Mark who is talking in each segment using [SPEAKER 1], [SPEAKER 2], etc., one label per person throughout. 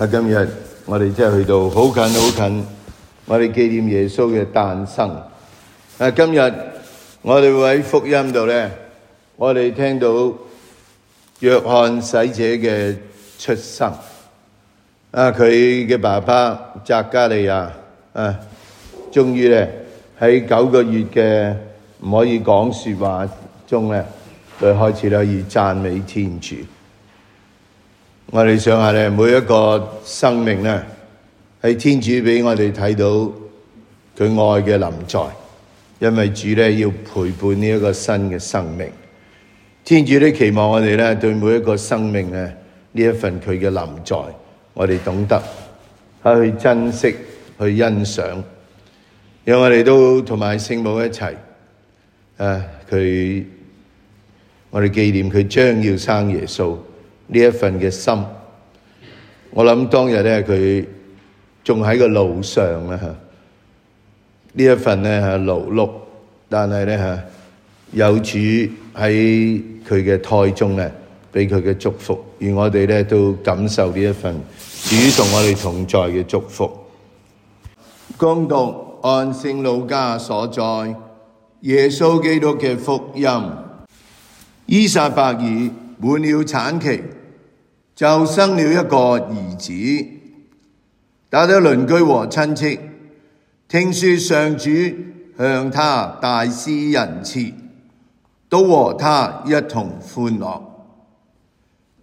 [SPEAKER 1] 啊！今日我哋即係去到好近好近，我哋紀念耶穌嘅誕生。啊！今日我哋會喺福音度咧，我哋聽到若翰使者嘅出生。啊！佢嘅爸爸扎加利亞啊，終於咧喺九個月嘅唔可以講說話中咧，佢開始咧可以讚美天主。我哋想下咧，每一個生命咧，喺天主俾我哋睇到佢愛嘅臨在，因為主咧要陪伴呢一個新嘅生命。天主咧期望我哋咧對每一個生命咧，呢一份佢嘅臨在，我哋懂得去珍惜、去欣賞，讓我哋都同埋聖母一齊。誒、啊，佢我哋紀念佢將要生耶穌。呢一份嘅心，我諗當日咧佢仲喺個路上啦，吓，呢一份咧吓，勞碌，但係咧吓有主喺佢嘅胎中咧，俾佢嘅祝福，而我哋咧都感受呢一份主同我哋同在嘅祝福。恭讀安聖路加所載，耶穌基督嘅福音，伊撒伯爾滿了產期。就生了一個兒子，他的鄰居和親戚聽說上主向他大施仁慈，都和他一同歡樂。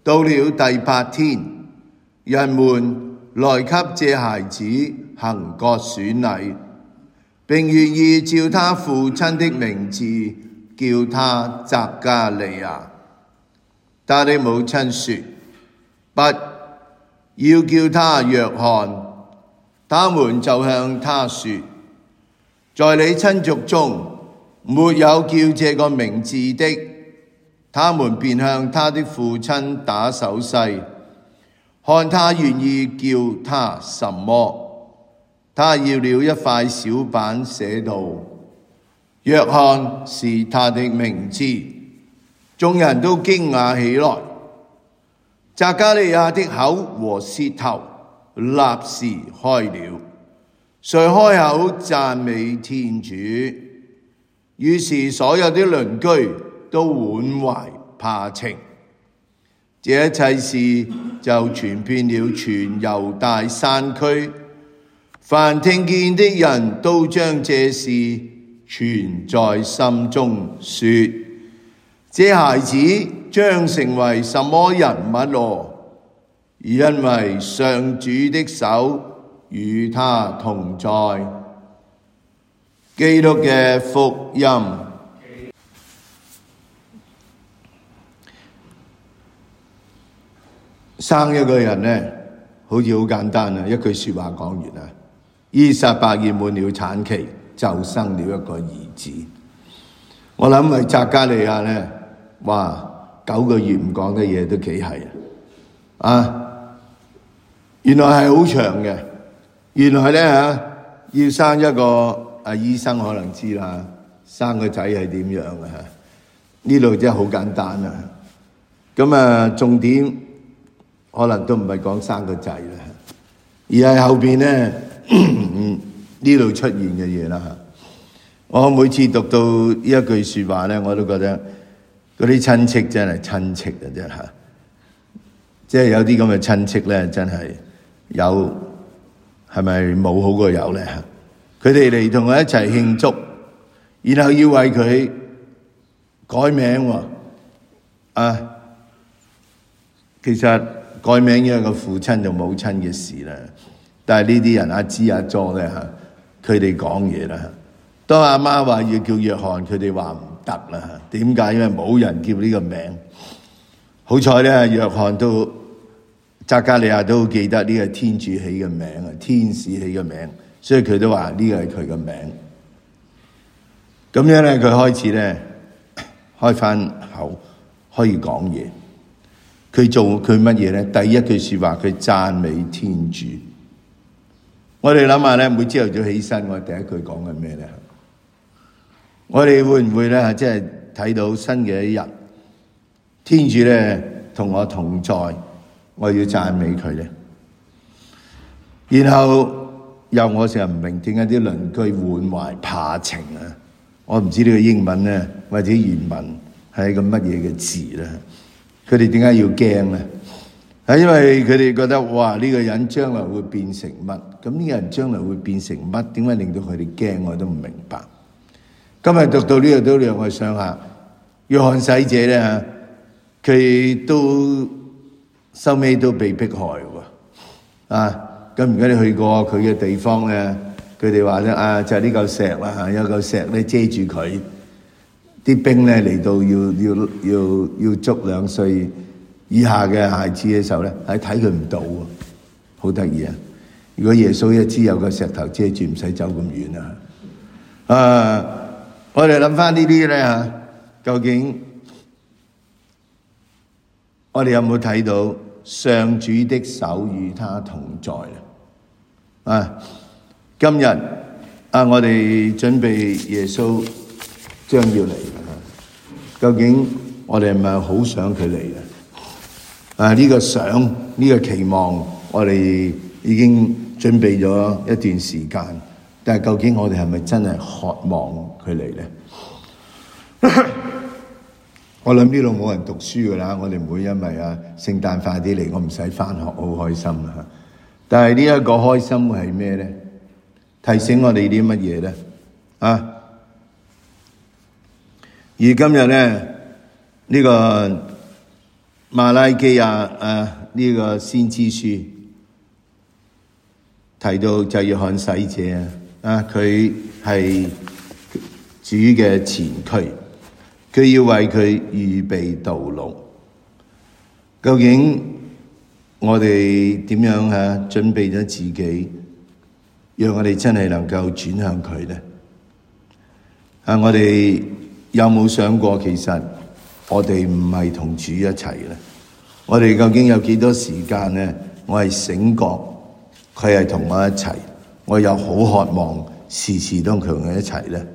[SPEAKER 1] 到了第八天，人們來給這孩子行割損禮，並願意照他父親的名字叫他匝加利亞。他的母親說。不要叫他若翰，他們就向他說：在你親族中沒有叫這個名字的。他們便向他的父親打手勢，看他願意叫他什麼。他要了一塊小板寫，寫道：若翰是他的名字。眾人都驚訝起來。匝加利亞的口和舌頭立時開了，誰開口讚美天主，於是所有的鄰居都滿懷怕情。這一切事就傳遍了全猶大山區，凡聽見的人都將這事存在心中說。這孩子將成為什麼人物咯？因為上主的手與他同在，基督嘅福音。生一個人咧，好似好簡單啊！一句說話講完啊，伊撒伯爾滿了產期，就生了一個兒子。我諗，為扎加利亞咧。哇，九個月唔講嘅嘢都幾係啊！原來係好長嘅，原來咧啊，要生一個啊，醫生可能知啦、啊，生個仔係點樣嘅啊？呢度真係好簡單啊！咁啊，重點可能都唔係講生個仔啦、啊，而係後邊咧呢度出現嘅嘢啦。我每次讀到呢一句説話咧，我都覺得。嗰啲親戚真係親戚嘅啫嚇，即係有啲咁嘅親戚咧，真係有，係咪冇好過有咧嚇？佢哋嚟同我一齊慶祝，然後要為佢改名喎。啊啊。其實改名因為個父親同母親嘅事啦，但係呢啲人阿芝阿莊咧嚇，佢哋講嘢啦。當阿媽話要叫約翰，佢哋話。得啦吓，點解？因為冇人叫呢個名。好彩咧，約翰都、扎加利亞都記得呢個天主起嘅名啊，天使起嘅名，所以佢都話呢個係佢嘅名。咁樣咧，佢開始咧，開翻口可以講嘢。佢做佢乜嘢咧？第一句說話，佢讚美天主。我哋諗下咧，每朝頭早起身，我第一句講緊咩咧？我哋會唔會咧？即係睇到新嘅一日，天主咧同我同在，我要讚美佢咧。然後又我成日唔明點解啲鄰居患懷怕情啊？我唔知呢個英文咧或者原文係一個乜嘢嘅字咧？佢哋點解要驚咧？係因為佢哋覺得哇呢個人將來會變成乜？咁呢個人將來會變成乜？點解令到佢哋驚？我都唔明白。今日讀到呢度都令我諗下，約翰洗者咧，佢都收尾都被迫害喎。啊，咁而家你去過佢嘅地方咧，佢哋話咧啊，就係呢嚿石啦吓，有嚿石咧遮住佢，啲兵咧嚟到要要要要捉兩歲以下嘅孩子嘅時候咧，係睇佢唔到喎，好得意啊！如果耶穌一知有嚿石頭遮住，唔使走咁遠啦。啊！我哋諗翻呢啲咧吓，究竟我哋有冇睇到上主的手與他同在啊？啊，今日啊，我哋準備耶穌將要嚟啦。究竟我哋係咪好想佢嚟啊？啊，呢個想、呢個期望，我哋已經準備咗一段時間。但係究竟我哋係咪真係渴望佢嚟咧？ 我諗呢度冇人讀書噶啦，我哋唔會因為啊聖誕快啲嚟，我唔使返學，好開心啊！但係呢一個開心係咩咧？提醒我哋啲乜嘢咧？啊！而今日咧，呢個馬拉基亞啊，呢個先知書提到就要看使者啊！啊！佢係主嘅前驅，佢要為佢預備道路。究竟我哋點樣吓準備咗自己，讓我哋真係能夠轉向佢咧？啊！我哋有冇想過，其實我哋唔係同主一齊咧？我哋究竟有幾多時間咧？我係醒覺，佢係同我一齊。我又好渴望時時都同佢一齊咧，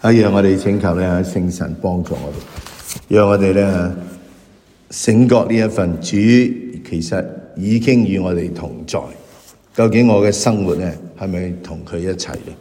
[SPEAKER 1] 喺讓我哋請求咧，聖神幫助我哋，讓我哋咧醒覺呢一份主其實已經與我哋同在。究竟我嘅生活咧，係咪同佢一齊咧？